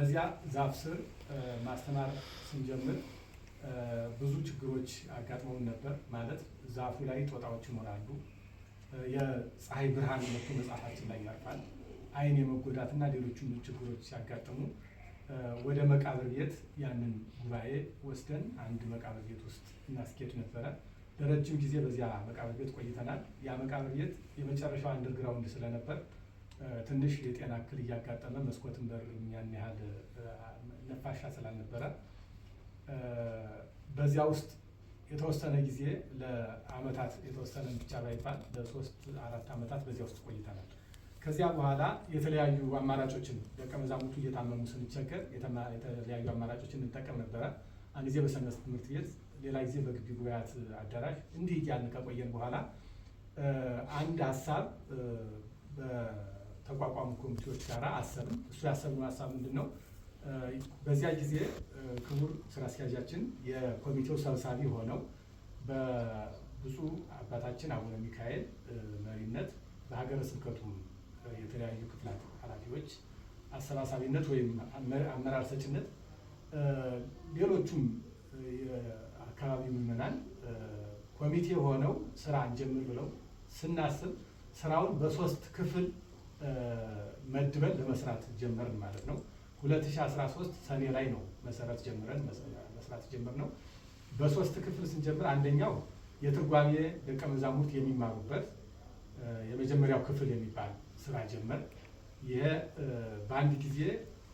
በዚያ ዛፍ ስር ማስተማር ስንጀምር ብዙ ችግሮች አጋጥመውን ነበር። ማለት ዛፉ ላይ ጦጣዎች ይኖራሉ። የፀሐይ ብርሃን መቶ መጽሐፋችን ላይ ያርፋል። አይን የመጎዳትና ሌሎችም ችግሮች ሲያጋጥሙ ወደ መቃብር ቤት ያንን ጉባኤ ወስደን አንድ መቃብር ቤት ውስጥ እናስኬድ ነበረ። ለረጅም ጊዜ በዚያ መቃብር ቤት ቆይተናል። ያ መቃብር ቤት የመጨረሻው አንደርግራውንድ ስለነበር ትንሽ የጤና እክል እያጋጠመ መስኮትን በር ያን ያህል ነፋሻ ስላልነበረ በዚያ ውስጥ የተወሰነ ጊዜ ለአመታት የተወሰነ ብቻ ባይባል ለሶስት አራት አመታት በዚያ ውስጥ ቆይተናል። ከዚያ በኋላ የተለያዩ አማራጮችን ደቀ መዛሙርቱ እየታመሙ ስንቸገር የተለያዩ አማራጮችን እንጠቀም ነበረ። አንድ ጊዜ በሰንበት ትምህርት ቤት፣ ሌላ ጊዜ በግቢ ጉባኤያት አዳራሽ እንዲህ እያልን ከቆየን በኋላ አንድ ሀሳብ ተቋቋሙ ኮሚቴዎች ጋር አሰብም። እሱ ያሰብነው ሀሳብ ምንድን ነው? በዚያ ጊዜ ክቡር ስራ አስኪያጃችን የኮሚቴው ሰብሳቢ ሆነው በብፁዕ አባታችን አቡነ ሚካኤል መሪነት በሀገረ ስብከቱ የተለያዩ ክፍላት ኃላፊዎች አሰባሳቢነት ወይም አመራር ሰጭነት ሌሎቹም የአካባቢ ምዕመናን ኮሚቴ ሆነው ስራ እንጀምር ብለው ስናስብ ስራውን በሶስት ክፍል መድበን ለመስራት ጀመርን ማለት ነው። 2013 ሰኔ ላይ ነው መሰረት ጀምረን መስራት ጀምር ነው። በሶስት ክፍል ስንጀምር አንደኛው የትርጓሜ ደቀ መዛሙርት የሚማሩበት የመጀመሪያው ክፍል የሚባል ስራ ጀመር። ይህ በአንድ ጊዜ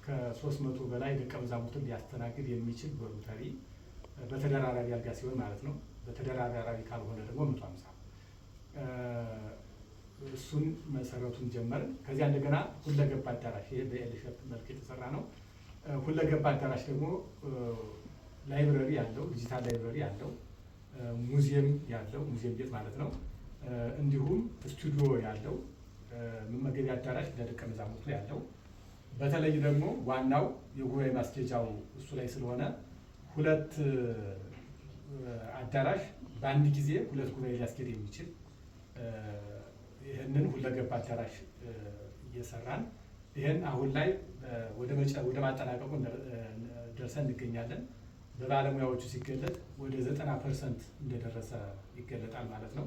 ከሶስት መቶ በላይ ደቀ መዛሙርትን ሊያስተናግድ የሚችል ቮሉንተሪ በተደራራቢ አልጋ ሲሆን ማለት ነው። በተደራራቢ ካልሆነ ደግሞ መቶ እሱን መሰረቱን ጀመርን። ከዚያ እንደገና ሁለገብ አዳራሽ ይሄ በኤልሸፕ መልክ የተሰራ ነው። ሁለገብ አዳራሽ ደግሞ ላይብረሪ ያለው ዲጂታል ላይብረሪ ያለው ሙዚየም ያለው ሙዚየም ቤት ማለት ነው። እንዲሁም ስቱዲዮ ያለው መመገቢያ አዳራሽ ለደቀ መዛሙርቱ ያለው በተለይ ደግሞ ዋናው የጉባኤ ማስኬጃው እሱ ላይ ስለሆነ ሁለት አዳራሽ በአንድ ጊዜ ሁለት ጉባኤ ሊያስጌድ የሚችል ይህንን ሁለገባ አዳራሽ እየሰራን ይህን አሁን ላይ ወደ ማጠናቀቁ ደርሰን እንገኛለን። በባለሙያዎቹ ሲገለጥ ወደ 90 ፐርሰንት እንደደረሰ ይገለጣል ማለት ነው።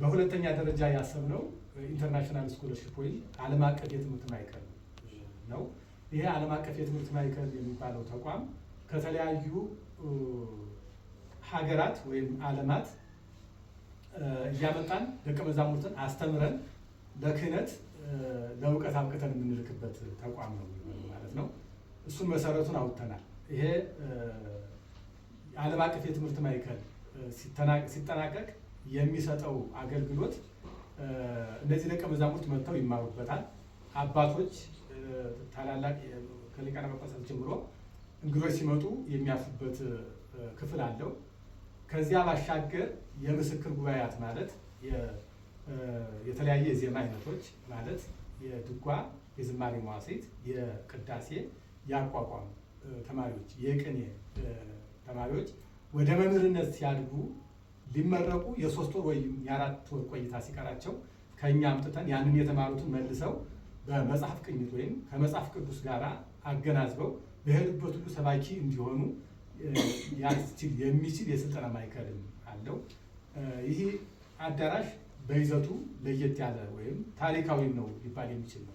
በሁለተኛ ደረጃ ያሰብነው ኢንተርናሽናል ስኮለርሽፕ ወይም ዓለም አቀፍ የትምህርት ማዕከል ነው። ይሄ ዓለም አቀፍ የትምህርት ማዕከል የሚባለው ተቋም ከተለያዩ ሀገራት ወይም ዓለማት እያመጣን ደቀ መዛሙርትን አስተምረን በክህነት ለእውቀት አብቅተን የምንልክበት ተቋም ነው ማለት ነው። እሱን መሰረቱን አውጥተናል። ይሄ ዓለም አቀፍ የትምህርት ማዕከል ሲጠናቀቅ የሚሰጠው አገልግሎት እነዚህ ደቀ መዛሙርት መጥተው ይማሩበታል። አባቶች ታላላቅ ከሊቃነ ጳጳሳት ጀምሮ እንግዶች ሲመጡ የሚያርፉበት ክፍል አለው። ከዚያ ባሻገር የምስክር ጉባኤያት ማለት የተለያየ የዜማ አይነቶች ማለት የድጓ፣ የዝማሬ መዋሥዕት፣ የቅዳሴ፣ የአቋቋም ተማሪዎች፣ የቅኔ ተማሪዎች ወደ መምህርነት ሲያድጉ ሊመረቁ የሶስት ወር ወይም የአራት ወር ቆይታ ሲቀራቸው ከእኛ አምጥተን ያንን የተማሩትን መልሰው በመጽሐፍ ቅኝት ወይም ከመጽሐፍ ቅዱስ ጋር አገናዝበው በሄዱበት ሁሉ ሰባኪ እንዲሆኑ ያስችል የሚችል የስልጠና ማዕከልም አለው። ይህ አዳራሽ በይዘቱ ለየት ያለ ወይም ታሪካዊ ነው ሊባል የሚችል ነው።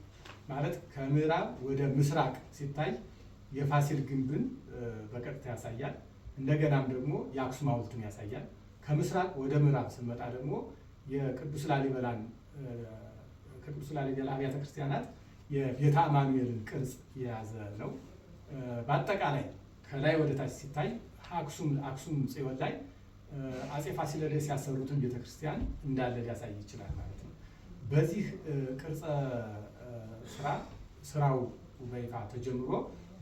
ማለት ከምዕራብ ወደ ምስራቅ ሲታይ የፋሲል ግንብን በቀጥታ ያሳያል። እንደገናም ደግሞ የአክሱም ሐውልትን ያሳያል። ከምስራቅ ወደ ምዕራብ ስንመጣ ደግሞ የቅዱስ ላሊበላን ከቅዱስ ላሊበላ አብያተ ክርስቲያናት የቤተ አማኑኤልን ቅርጽ የያዘ ነው በአጠቃላይ ከላይ ወደ ታች ሲታይ አክሱም አክሱም ጽዮን ላይ አጼ ፋሲለደስ ያሰሩትን ቤተክርስቲያን እንዳለ ሊያሳይ ይችላል ማለት ነው። በዚህ ቅርጸ ስራ ስራው በይፋ ተጀምሮ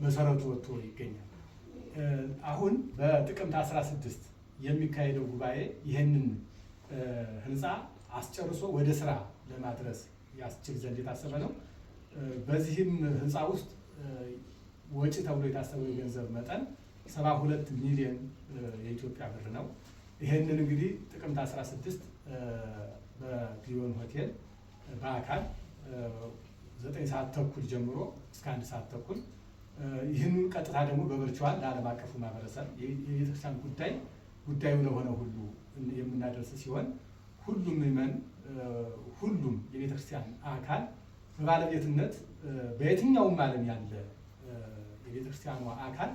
መሰረቱ ወጥቶ ይገኛል። አሁን በጥቅምት 16 የሚካሄደው ጉባኤ ይህንን ህንፃ አስጨርሶ ወደ ስራ ለማድረስ ያስችል ዘንድ የታሰበ ነው። በዚህም ህንፃ ውስጥ ወጪ ተብሎ የታሰበው የገንዘብ መጠን 72 ሚሊዮን የኢትዮጵያ ብር ነው። ይህንን እንግዲህ ጥቅምት 16 በጊዮን ሆቴል በአካል 9 ሰዓት ተኩል ጀምሮ እስከ 1 ሰዓት ተኩል ይህንን ቀጥታ ደግሞ በቨርቹዋል ለዓለም አቀፉ ማህበረሰብ የቤተክርስቲያን ጉዳይ ጉዳዩ ለሆነ ሁሉ የምናደርስ ሲሆን ሁሉም ምዕመን ሁሉም የቤተክርስቲያን አካል በባለቤትነት በየትኛውም ዓለም ያለ የቤተክርስቲያኗ አካል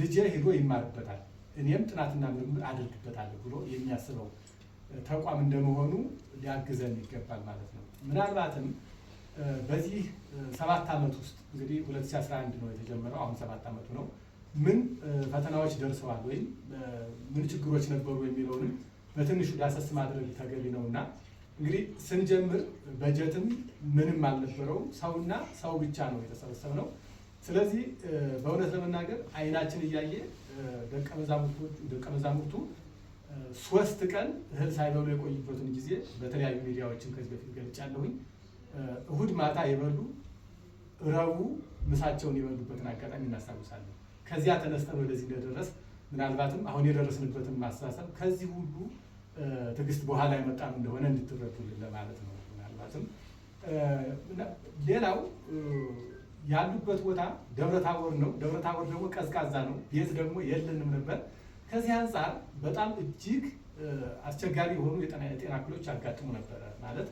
ልጄ ሄዶ ይማርበታል፣ እኔም ጥናትና ምርምር አድርግበታለሁ ብሎ የሚያስበው ተቋም እንደመሆኑ ሊያግዘን ይገባል ማለት ነው። ምናልባትም በዚህ ሰባት ዓመት ውስጥ እንግዲህ 2011 ነው የተጀመረው፣ አሁን ሰባት ዓመቱ ነው። ምን ፈተናዎች ደርሰዋል ወይም ምን ችግሮች ነበሩ የሚለውንም በትንሹ ዳሰስ ማድረግ ተገቢ ነው እና እንግዲህ ስንጀምር በጀትም ምንም አልነበረውም። ሰውና ሰው ብቻ ነው የተሰበሰብ ነው? ስለዚህ በእውነት ለመናገር አይናችን እያየ ደቀ ደቀ መዛሙርቱ ሶስት ቀን እህል ሳይበሉ የቆዩበትን ጊዜ በተለያዩ ሚዲያዎችን ከዚህ በፊት ገልጫለሁኝ። እሁድ ማታ የበሉ እረቡ ምሳቸውን የበሉበትን አጋጣሚ እናስታውሳለን። ከዚያ ተነስተን ወደዚህ እንደደረስ ምናልባትም አሁን የደረስንበትን ማስተሳሰብ ከዚህ ሁሉ ትዕግስት በኋላ የመጣም እንደሆነ እንድትረዱልን ለማለት ነው። ምናልባትም ሌላው ያሉበት ቦታ ደብረ ታቦር ነው። ደብረ ታቦር ደግሞ ቀዝቃዛ ነው። ቤት ደግሞ የለንም ነበር። ከዚህ አንጻር በጣም እጅግ አስቸጋሪ የሆኑ የጤና እክሎች አጋጥሙ ነበረ። ማለት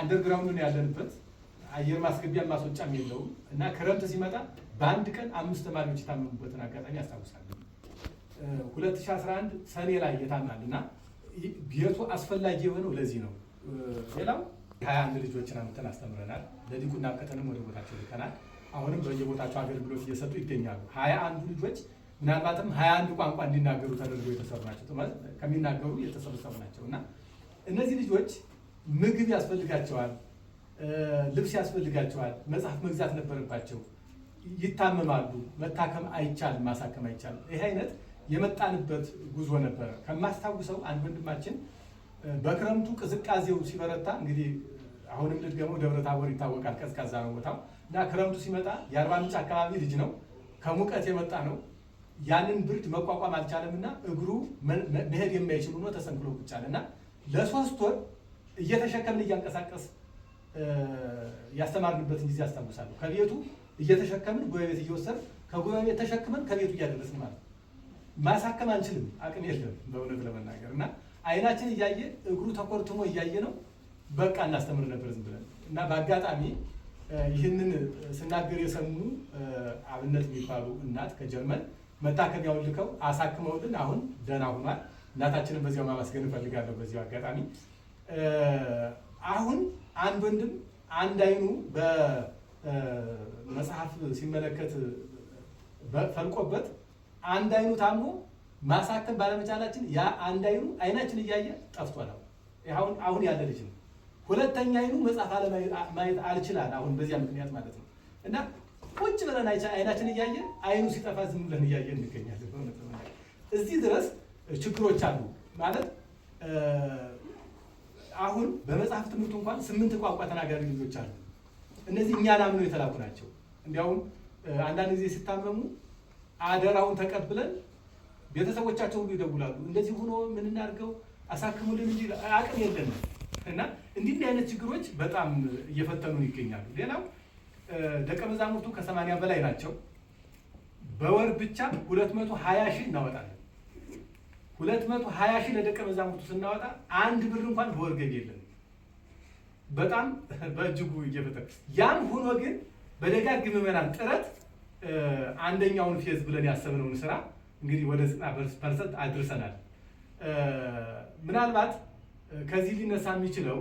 አንደርግራውንድ ያለንበት፣ አየር ማስገቢያ ማስወጫም የለውም እና ክረምት ሲመጣ በአንድ ቀን አምስት ተማሪዎች የታመሙበትን አጋጣሚ ያስታውሳለሁ። 2011 ሰኔ ላይ የታማል እና ቤቱ አስፈላጊ የሆነው ለዚህ ነው። ሌላው ከሀያ አንድ ልጆችን አምጥተን አስተምረናል። ለዲቁና ቀጠንም ወደ ቦታቸው ልከናል። አሁንም በየቦታቸው አገልግሎት እየሰጡ ይገኛሉ። ሀያ አንዱ ልጆች ምናልባትም ሀያ አንድ ቋንቋ እንዲናገሩ ተደርገው የተሰሩ ናቸው። ከሚናገሩ የተሰበሰቡ ናቸው እና እነዚህ ልጆች ምግብ ያስፈልጋቸዋል፣ ልብስ ያስፈልጋቸዋል፣ መጽሐፍ መግዛት ነበረባቸው። ይታመማሉ። መታከም አይቻልም፣ ማሳከም አይቻልም። ይህ አይነት የመጣንበት ጉዞ ነበረ። ከማስታውሰው አንድ ወንድማችን በክረምቱ ቅዝቃዜው ሲበረታ እንግዲህ አሁንም ልድገመው፣ ደብረ ታቦር ይታወቃል፣ ቀዝቃዛ ነው ቦታው እና ክረምቱ ሲመጣ የአርባ ምንጭ አካባቢ ልጅ ነው፣ ከሙቀት የመጣ ነው። ያንን ብርድ መቋቋም አልቻለም እና እግሩ መሄድ የማይችል ሆኖ ተሰንክሎ ቁጭ አለ እና ለሶስት ወር እየተሸከምን እያንቀሳቀስ ያስተማርንበትን ጊዜ አስታውሳለሁ። ከቤቱ እየተሸከምን ጎረቤት እየወሰድን ከጎረቤት ተሸክመን ከቤቱ እያደረስን ማለት ማሳከም አንችልም፣ አቅም የለም በእውነት ለመናገር እና አይናችን እያየ እግሩ ተኮርትሞ እያየ ነው በቃ እናስተምር ነበር ዝም ብለን እና በአጋጣሚ ይህንን ስናገር የሰሙ አብነት የሚባሉ እናት ከጀርመን መታከሚያውን ልከው አሳክመውልን አሁን ደህና ሆኗል። እናታችንን በዚያው ማመስገን እንፈልጋለሁ። በዚያው አጋጣሚ አሁን አንድ ወንድም አንድ አይኑ በመጽሐፍ ሲመለከት ፈልቆበት አንድ አይኑ ታሞ ማሳከም ባለመቻላችን ያ አንድ አይኑ አይናችን እያየ ጠፍቷል። አሁን አሁን ያለ ልጅ ነው። ሁለተኛ አይኑ መጽሐፍ አለማየት አልችላል። አሁን በዚያ ምክንያት ማለት ነው እና ቁጭ ብለን አይናችን እያየ አይኑ ሲጠፋ ዝም ብለን እያየ እንገኛለን። እዚህ ድረስ ችግሮች አሉ ማለት አሁን በመጽሐፍ ትምህርቱ እንኳን ስምንት ቋንቋ ተናጋሪ ልጆች አሉ። እነዚህ እኛን አምነው የተላኩ ናቸው። እንዲያውም አንዳንድ ጊዜ ሲታመሙ አደራውን ተቀብለን ቤተሰቦቻቸው ሁሉ ይደውላሉ። እንደዚህ ሆኖ ምን እናድርገው አሳክሙልን እንጂ አቅም የለንም እና እንዲህ እንዲህ አይነት ችግሮች በጣም እየፈተኑ ይገኛሉ። ሌላው ደቀ መዛሙርቱ ከሰማንያ በላይ ናቸው። በወር ብቻ 220 ሺህ እናወጣለን። 220 ሺህ ለደቀ መዛሙርቱ ስናወጣ አንድ ብር እንኳን በወር ገቢ የለንም። በጣም በእጅጉ እየፈተ ያም ሆኖ ግን በደጋግ ምዕመናን ጥረት አንደኛውን ፌዝ ብለን ያሰብነውን ስራ እንግዲህ ወደ 90 ፐርሰንት አድርሰናል። ምናልባት ከዚህ ሊነሳ የሚችለው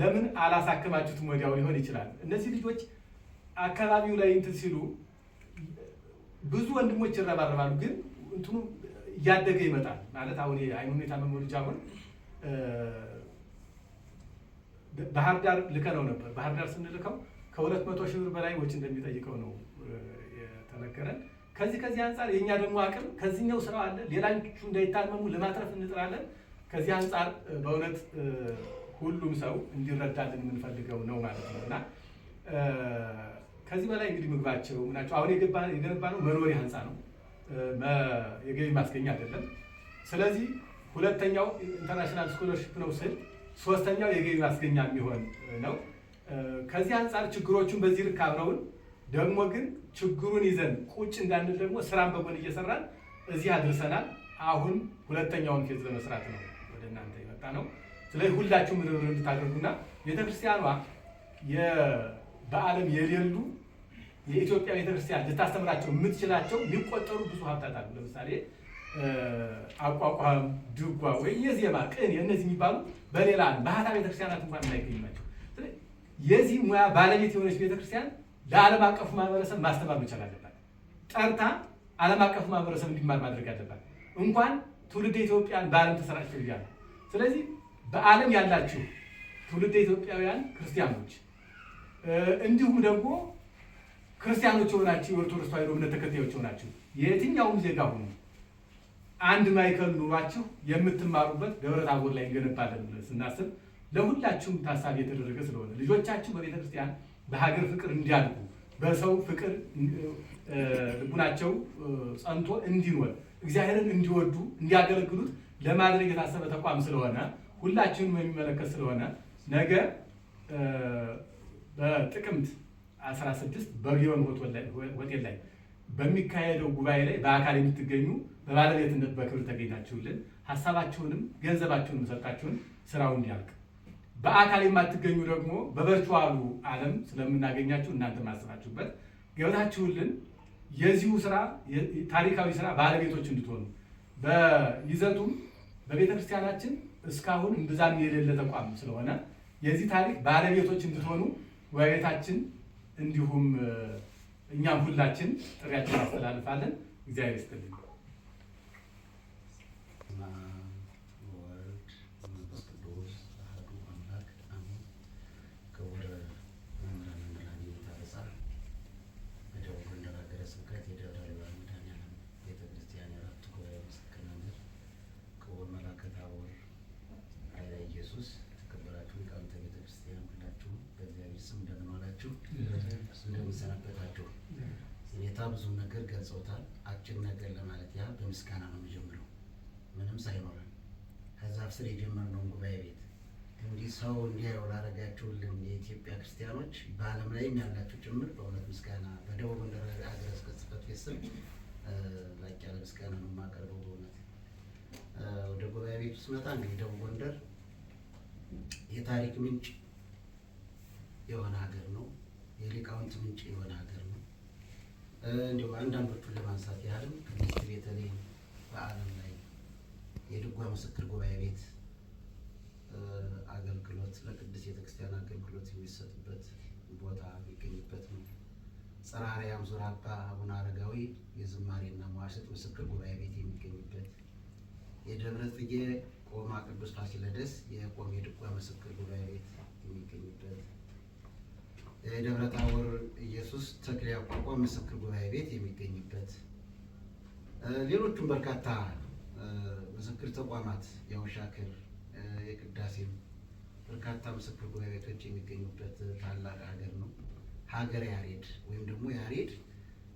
ለምን አላሳከማችሁትም ወዲያው ሊሆን ይችላል። እነዚህ ልጆች አካባቢው ላይ እንትን ሲሉ ብዙ ወንድሞች ይረባረባሉ፣ ግን እንትኑ እያደገ ይመጣል። ማለት አሁን አይኑ ሁኔታ መሞልጅ አሁን ባህር ዳር ልከነው ነበር። ባህር ዳር ስንልከው ከሁለት መቶ ሺህ ብር በላይ ወጪ እንደሚጠይቀው ነው የተነገረን። ከዚህ ከዚህ አንጻር የእኛ ደግሞ አቅም ከዚህኛው ስራ አለ፣ ሌላኞቹ እንዳይታመሙ ለማትረፍ እንጥራለን። ከዚህ አንጻር በእውነት ሁሉም ሰው እንዲረዳልን የምንፈልገው ነው ማለት ነው እና ከዚህ በላይ እንግዲህ ምግባቸው ምናቸው አሁን የገነባ ነው መኖሪያ ህንፃ ነው፣ የገቢ ማስገኛ አይደለም። ስለዚህ ሁለተኛው ኢንተርናሽናል ስኮለርሽፕ ነው ስል ሶስተኛው የገቢ ማስገኛ የሚሆን ነው። ከዚህ አንጻር ችግሮቹን በዚህ ልክ አብረውን ደግሞ ግን ችግሩን ይዘን ቁጭ እንዳንል ደግሞ ስራን በጎን እየሰራን እዚህ አድርሰናል። አሁን ሁለተኛውን ፌዝ ለመስራት ነው ወደ እናንተ የመጣ ነው። ስለዚህ ሁላችሁም ርብር እንድታደርጉና ቤተክርስቲያኗ በዓለም የሌሉ የኢትዮጵያ ቤተክርስቲያን ልታስተምራቸው የምትችላቸው የሚቆጠሩ ብዙ ሀብታት አሉ። ለምሳሌ አቋቋም፣ ድጓ ወይ የዜማ ቅን እነዚህ የሚባሉ በሌላ ባህታ ቤተክርስቲያናት እንኳን የማይገኝ ናቸው። የዚህ ሙያ ባለቤት የሆነች ቤተክርስቲያን ለዓለም አቀፉ ማህበረሰብ ማስተማር መቻል አለባት። ጠርታ ዓለም አቀፉ ማህበረሰብ እንዲማር ማድረግ አለባት። እንኳን ትውልድ ኢትዮጵያን በዓለም ተሰራጭ ይላል። ስለዚህ በዓለም ያላችሁ ትውልድ ኢትዮጵያውያን ክርስቲያኖች፣ እንዲሁም ደግሞ ክርስቲያኖች የሆናችሁ የኦርቶዶክስ ተዋሕዶ እምነት ተከታዮች የሆናችሁ የትኛውም ዜጋ ሁኑ አንድ ማይከል ኑሯችሁ የምትማሩበት ደብረ ታቦር ላይ እንገነባለን ስናስብ ለሁላችሁም ታሳቢ የተደረገ ስለሆነ ልጆቻችሁ በቤተክርስቲያን በሀገር ፍቅር እንዲያድጉ በሰው ፍቅር ልቡናቸው ጸንቶ እንዲኖር እግዚአብሔርን እንዲወዱ እንዲያገለግሉት ለማድረግ የታሰበ ተቋም ስለሆነ ሁላችንም የሚመለከት ስለሆነ ነገ በጥቅምት 16 በጊዮን ሆቴል ላይ በሚካሄደው ጉባኤ ላይ በአካል የምትገኙ በባለቤትነት በክብር ተገኝታችሁልን ሀሳባችሁንም ገንዘባችሁንም ሰጣችሁን ስራው እንዲያልቅ በአካል የማትገኙ ደግሞ በቨርቹዋሉ ዓለም ስለምናገኛችሁ እናንተ ማስባችሁበት ገብታችሁልን የዚሁ ስራ ታሪካዊ ስራ ባለቤቶች እንድትሆኑ በይዘቱም በቤተ ክርስቲያናችን እስካሁን እምብዛም የሌለ ተቋም ስለሆነ የዚህ ታሪክ ባለቤቶች እንድትሆኑ ጉባኤታችን እንዲሁም እኛም ሁላችን ጥሪያችን እናስተላልፋለን። እግዚአብሔር ይስጥልኝ። እንደምንሰናበታቸው ሁኔታ ብዙ ነገር ገልጸውታል። አጭር ነገር ለማለት ያህል በምስጋና ነው የሚጀምረው። ምንም ሳይኖረን ከዛፍ ስር የጀመርነውን ጉባኤ ቤት እንዲህ ሰው እንዲያየው ላደረጋችሁልን የኢትዮጵያ ክርስቲያኖች በዓለም ላይም ያላችሁ ጭምር በእውነት ምስጋና በደቡብ ጎንደር ሀገረ ስብከት ጽሕፈት ቤት ስም ላቅ ያለ ምስጋና ነው የማቀርበው። በእውነት ወደ ጉባኤ ቤቱ ስመጣ እንግዲህ ደቡብ ጎንደር የታሪክ ምንጭ የሆነ ሀገር ነው። የሊቃውንት ምንጭ የሆነ ሀገር ነው። እንዲሁ አንዳንዶቹን ለማንሳት ያህልም ቅድስት ቤተልሔም በዓለም ላይ የድጓ ምስክር ጉባኤ ቤት አገልግሎት ለቅድስት ቤተክርስቲያን አገልግሎት የሚሰጥበት ቦታ የሚገኝበት ነው። ጽርሐ አርያም አባ አቡነ አረጋዊ የዝማሬና መዋሥዕት ምስክር ጉባኤ ቤት የሚገኝበት፣ የደብረ ጽጌ ቆማ ቅዱስ ፋሲለደስ የቆም የድጓ ምስክር ጉባኤ ቤት የሚገኝበት የደብረ ታቦር ኢየሱስ ተክለ ያዕቆብ ምስክር ጉባኤ ቤት የሚገኝበት ሌሎቹም በርካታ ምስክር ተቋማት የውሻክር የቅዳሴም በርካታ ምስክር ጉባኤ ቤቶች የሚገኙበት ታላቅ ሀገር ነው። ሀገር ያሬድ ወይም ደግሞ ያሬድ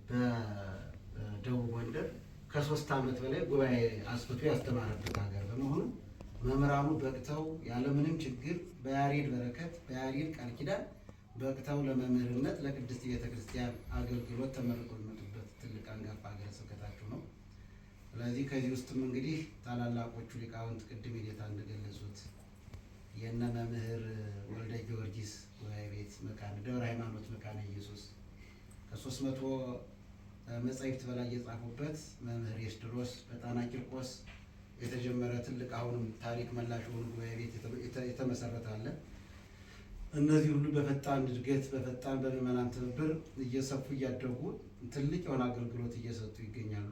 በደቡብ ጎንደር ከሶስት ዓመት በላይ ጉባኤ አስፍቶ ያስተማረበት ሀገር በመሆኑ መምህራኑ በቅተው ያለምንም ችግር በያሬድ በረከት በያሬድ ቃል ኪዳን በቅተው ለመምህርነት ለቅድስት ቤተ ክርስቲያን አገልግሎት ተመርቀው የመጡበት ትልቅ አንጋፋ ሀገረ ስብከታችሁ ነው። ስለዚህ ከዚህ ውስጥም እንግዲህ ታላላቆቹ ሊቃውንት ቅድም ጌታ እንደገለጹት የነ መምህር ወልደ ጊዮርጊስ ጉባኤ ቤት መካነ ደብረ ሃይማኖት መካነ ኢየሱስ ከሶስት መቶ መጻሕፍት በላይ የጻፉበት መምህር የስድሮስ በጣና ቂርቆስ የተጀመረ ትልቅ አሁንም ታሪክ መላሽ የሆኑ ጉባኤ ቤት የተመሰረተ አለ። እነዚህ ሁሉ በፈጣን እድገት በፈጣን በምዕመናን ትብብር እየሰፉ እያደጉ ትልቅ የሆነ አገልግሎት እየሰጡ ይገኛሉ።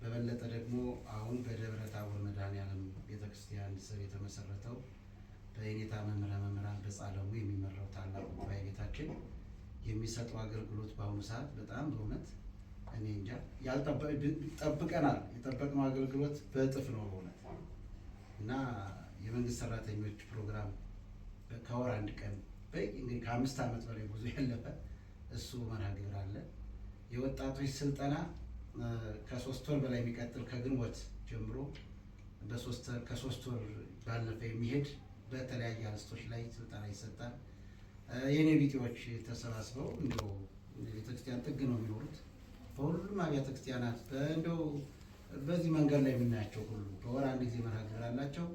በበለጠ ደግሞ አሁን በደብረ ታቦር መድኃኔዓለም ቤተክርስቲያን ስር የተመሰረተው በየኔታ መምህረ መምህራን በጻለሙ የሚመራው ታላቅ ጉባኤ ቤታችን የሚሰጠው አገልግሎት በአሁኑ ሰዓት በጣም በእውነት እኔ እንጃ ጠብቀናል። የጠበቅነው አገልግሎት በእጥፍ ነው በእውነት እና የመንግስት ሰራተኞች ፕሮግራም ከወር አንድ ቀን እንግዲህ ከአምስት ዓመት በላይ ጉዞ ያለፈ እሱ መርሃ ግብር አለ። የወጣቶች ስልጠና ከሶስት ወር በላይ የሚቀጥል ከግንቦት ጀምሮ ከሶስት ወር ባለፈ የሚሄድ በተለያየ አንስቶች ላይ ስልጠና ይሰጣል። የእኔ ቢጤዎች ተሰባስበው እንዲያው ቤተክርስቲያን ጥግ ነው የሚኖሩት። በሁሉም አብያተ ክርስቲያናት እንዲያው በዚህ መንገድ ላይ የምናያቸው ሁሉ በወር አንድ ጊዜ መርሃ ግብር አላቸው።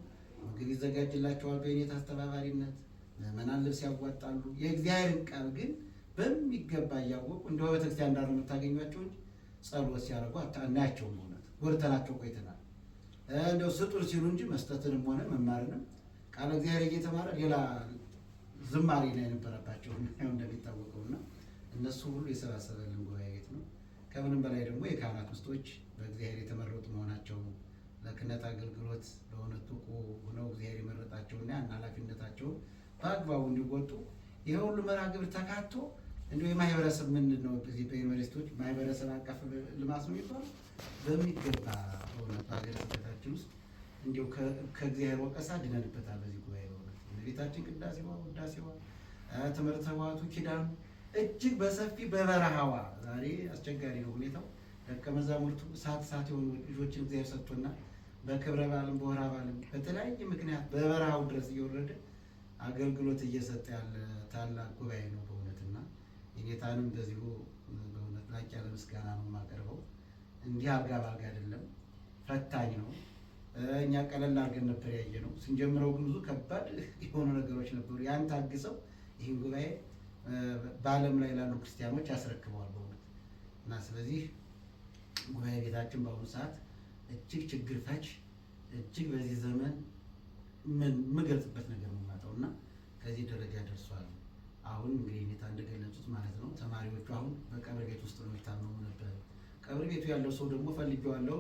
ምግብ ይዘጋጅላቸዋል በኔት አስተባባሪነት ምዕመናን ልብስ ያዋጣሉ። የእግዚአብሔር ቃል ግን በሚገባ እያወቁ እንደ ቤተክርስቲያን እንዳሉ የምታገኟቸው እንጂ ጸሎት ሲያደርጉ አናያቸውም። እውነት ጎድተናቸው ቆይተናል። እንደው ስጡር ሲሉ እንጂ መስጠትንም ሆነ መማርንም ቃለ እግዚአብሔር እየተማረ ሌላ ዝማሬ ላይ የነበረባቸው እንደሚታወቀው እና እነሱ ሁሉ የሰባሰበልን ጉባኤ ቤት ነው። ከምንም በላይ ደግሞ የካህናት ውስጦች በእግዚአብሔር የተመረጡ መሆናቸው ለክህነት አገልግሎት ለሆነ ጥቁ ሆነው እግዚአብሔር የመረጣቸውና ያን ኃላፊነታቸውን በአግባቡ እንዲወጡ ይህ ሁሉ መርሃ ግብር ተካቶ እንዲ የማህበረሰብ ምንድን ነው በዩኒቨርሲቲዎች ማህበረሰብ አቀፍ ልማት ነው የሚባሉ በሚገባ በእውነት ሀገረ ስብከታችን ውስጥ እንዲሁ ከእግዚአብሔር ወቀሳ ድነንበታል። በዚህ ጉባኤ በእውነት ቤታችን ቅዳሴዋ፣ ውዳሴዋ፣ ትምህርት ህዋቱ፣ ኪዳኑ እጅግ በሰፊ በበረሃዋ ዛሬ አስቸጋሪ ነው ሁኔታው። ደቀ መዛሙርቱ ሰዓት እሳት የሆኑ ልጆችን እግዚአብሔር ሰጥቶና በክብረ በዓልም በወራ በዓልም በተለያየ ምክንያት በበረሃው ድረስ እየወረደ አገልግሎት እየሰጠ ያለ ታላቅ ጉባኤ ነው በእውነት እና የጌታንም እንደዚሁ በእውነት ላቅ ያለ ምስጋና ነው የማቀርበው። እንዲህ አልጋ ባልጋ አይደለም፣ ፈታኝ ነው። እኛ ቀለል አድርገን ነበር ያየ ነው። ስንጀምረው ግን ብዙ ከባድ የሆኑ ነገሮች ነበሩ። ያን ታግሰው ይህን ጉባኤ በዓለም ላይ ላሉ ክርስቲያኖች ያስረክበዋል በእውነት እና ስለዚህ ጉባኤ ቤታችን በአሁኑ ሰዓት እጅግ ችግር ፈች እጅግ በዚህ ዘመን የምገልጽበት ነገር ነው እና ከዚህ ደረጃ ደርሷል። አሁን እንግዲህ ሁኔታ እንደገለጹት ማለት ነው ተማሪዎቹ አሁን በቀብር ቤት ውስጥ ነው የሚታመሙ ነበር። ቀብር ቤቱ ያለው ሰው ደግሞ ፈልጌዋለሁ፣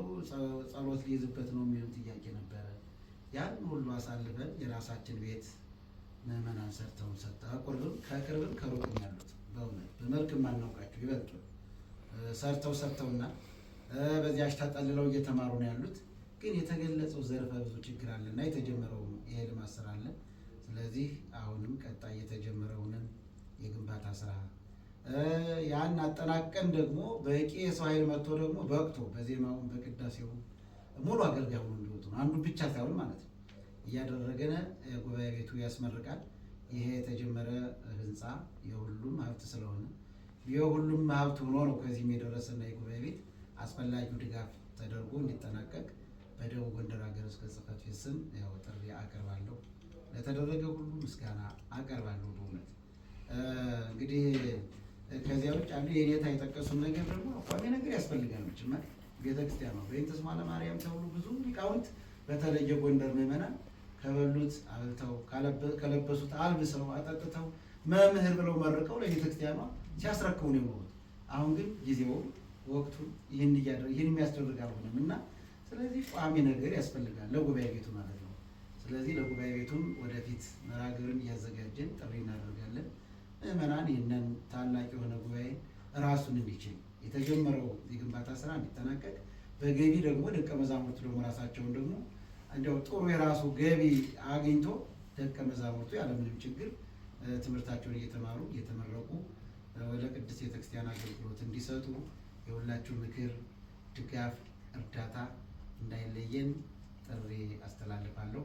ጸሎት ሊይዝበት ነው የሚልም ጥያቄ ነበረ። ያን ሁሉ አሳልፈን የራሳችን ቤት ምዕመናን ሰርተውን ሰጠ ቁርብም ከቅርብም ከሩቅም ያሉት በእውነት በመልክ የማናውቃቸው ይበልጡ ሰርተው ሰርተውና በዚያች ተጠልለው እየተማሩ ነው ያሉት። ግን የተገለጸው ዘርፈ ብዙ ችግር አለና የተጀመረው የልማት ስራ አለ። ስለዚህ አሁንም ቀጣይ የተጀመረውንም የግንባታ ስራ ያን አጠናቀን ደግሞ በቂ የሰው ኃይል መጥቶ ደግሞ በቅቶ በዜማውን በቅዳሴው ሙሉ አገልጋይ ሆኖ እንዲወጡ ነው። አንዱ ብቻ ሳይሆን ማለት ነው እያደረገነ ጉባኤ ቤቱ ያስመርቃል። ይሄ የተጀመረ ህንፃ የሁሉም ሀብት ስለሆነ የሁሉም ሀብት ሆኖ ነው ከዚህም የደረሰና የጉባኤ ቤት አስፈላጊው ድጋፍ ተደርጎ እንዲጠናቀቅ በደቡብ ጎንደር ሀገረ ስብከት ጽሕፈት ቤት ስም ያው ጥሪ አቀርባለሁ። ለተደረገ ሁሉ ምስጋና አቀርባለሁ። በእውነት እንግዲህ ከዚያ ውጭ አንዱ የኔታ የጠቀሱም ነገር ደግሞ አቋሚ ነገር ያስፈልጋል። ምችመ ቤተክርስቲያን ነው። በኢንተስማ ለማርያም ተብሎ ብዙ ሊቃውንት በተለየ ጎንደር ምዕመናን ከበሉት አብልተው ከለበሱት አልብሰው አጠጥተው መምህር ብለው መርቀው ለቤተክርስቲያኗ ሲያስረክቡ ነው የሆኑት። አሁን ግን ጊዜው ወቅቱ ይህን የሚያስደርግ አልሆነም እና ስለዚህ ቋሚ ነገር ያስፈልጋል ለጉባኤ ቤቱ ማለት ነው። ስለዚህ ለጉባኤ ቤቱም ወደፊት መርሃ ግብርን እያዘጋጀን ጥሪ እናደርጋለን። ምዕመናን ይህንን ታላቅ የሆነ ጉባኤ ራሱን እንዲችል የተጀመረው የግንባታ ስራ እንዲጠናቀቅ በገቢ ደግሞ ደቀ መዛሙርቱ ደግሞ ራሳቸውን ደግሞ እንዲያው ጥሩ የራሱ ገቢ አግኝቶ ደቀ መዛሙርቱ ያለምንም ችግር ትምህርታቸውን እየተማሩ እየተመረቁ ወደ ቅድስት ቤተክርስቲያን አገልግሎት እንዲሰጡ የሁላችሁ ምክር፣ ድጋፍ፣ እርዳታ እንዳይለየን ጥሪ አስተላልፋለሁ።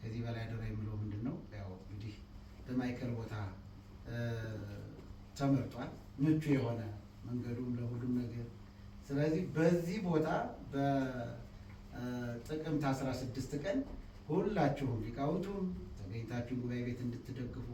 ከዚህ በላይ አደራ የምለው ምንድን ነው? ያው እንግዲህ በማይከል ቦታ ተመርጧል፣ ምቹ የሆነ መንገዱም ለሁሉም ነገር። ስለዚህ በዚህ ቦታ በጥቅምት 16 ቀን ሁላችሁም ሊቃውቱም ተገኝታችሁን ጉባኤ ቤት እንድትደግፉ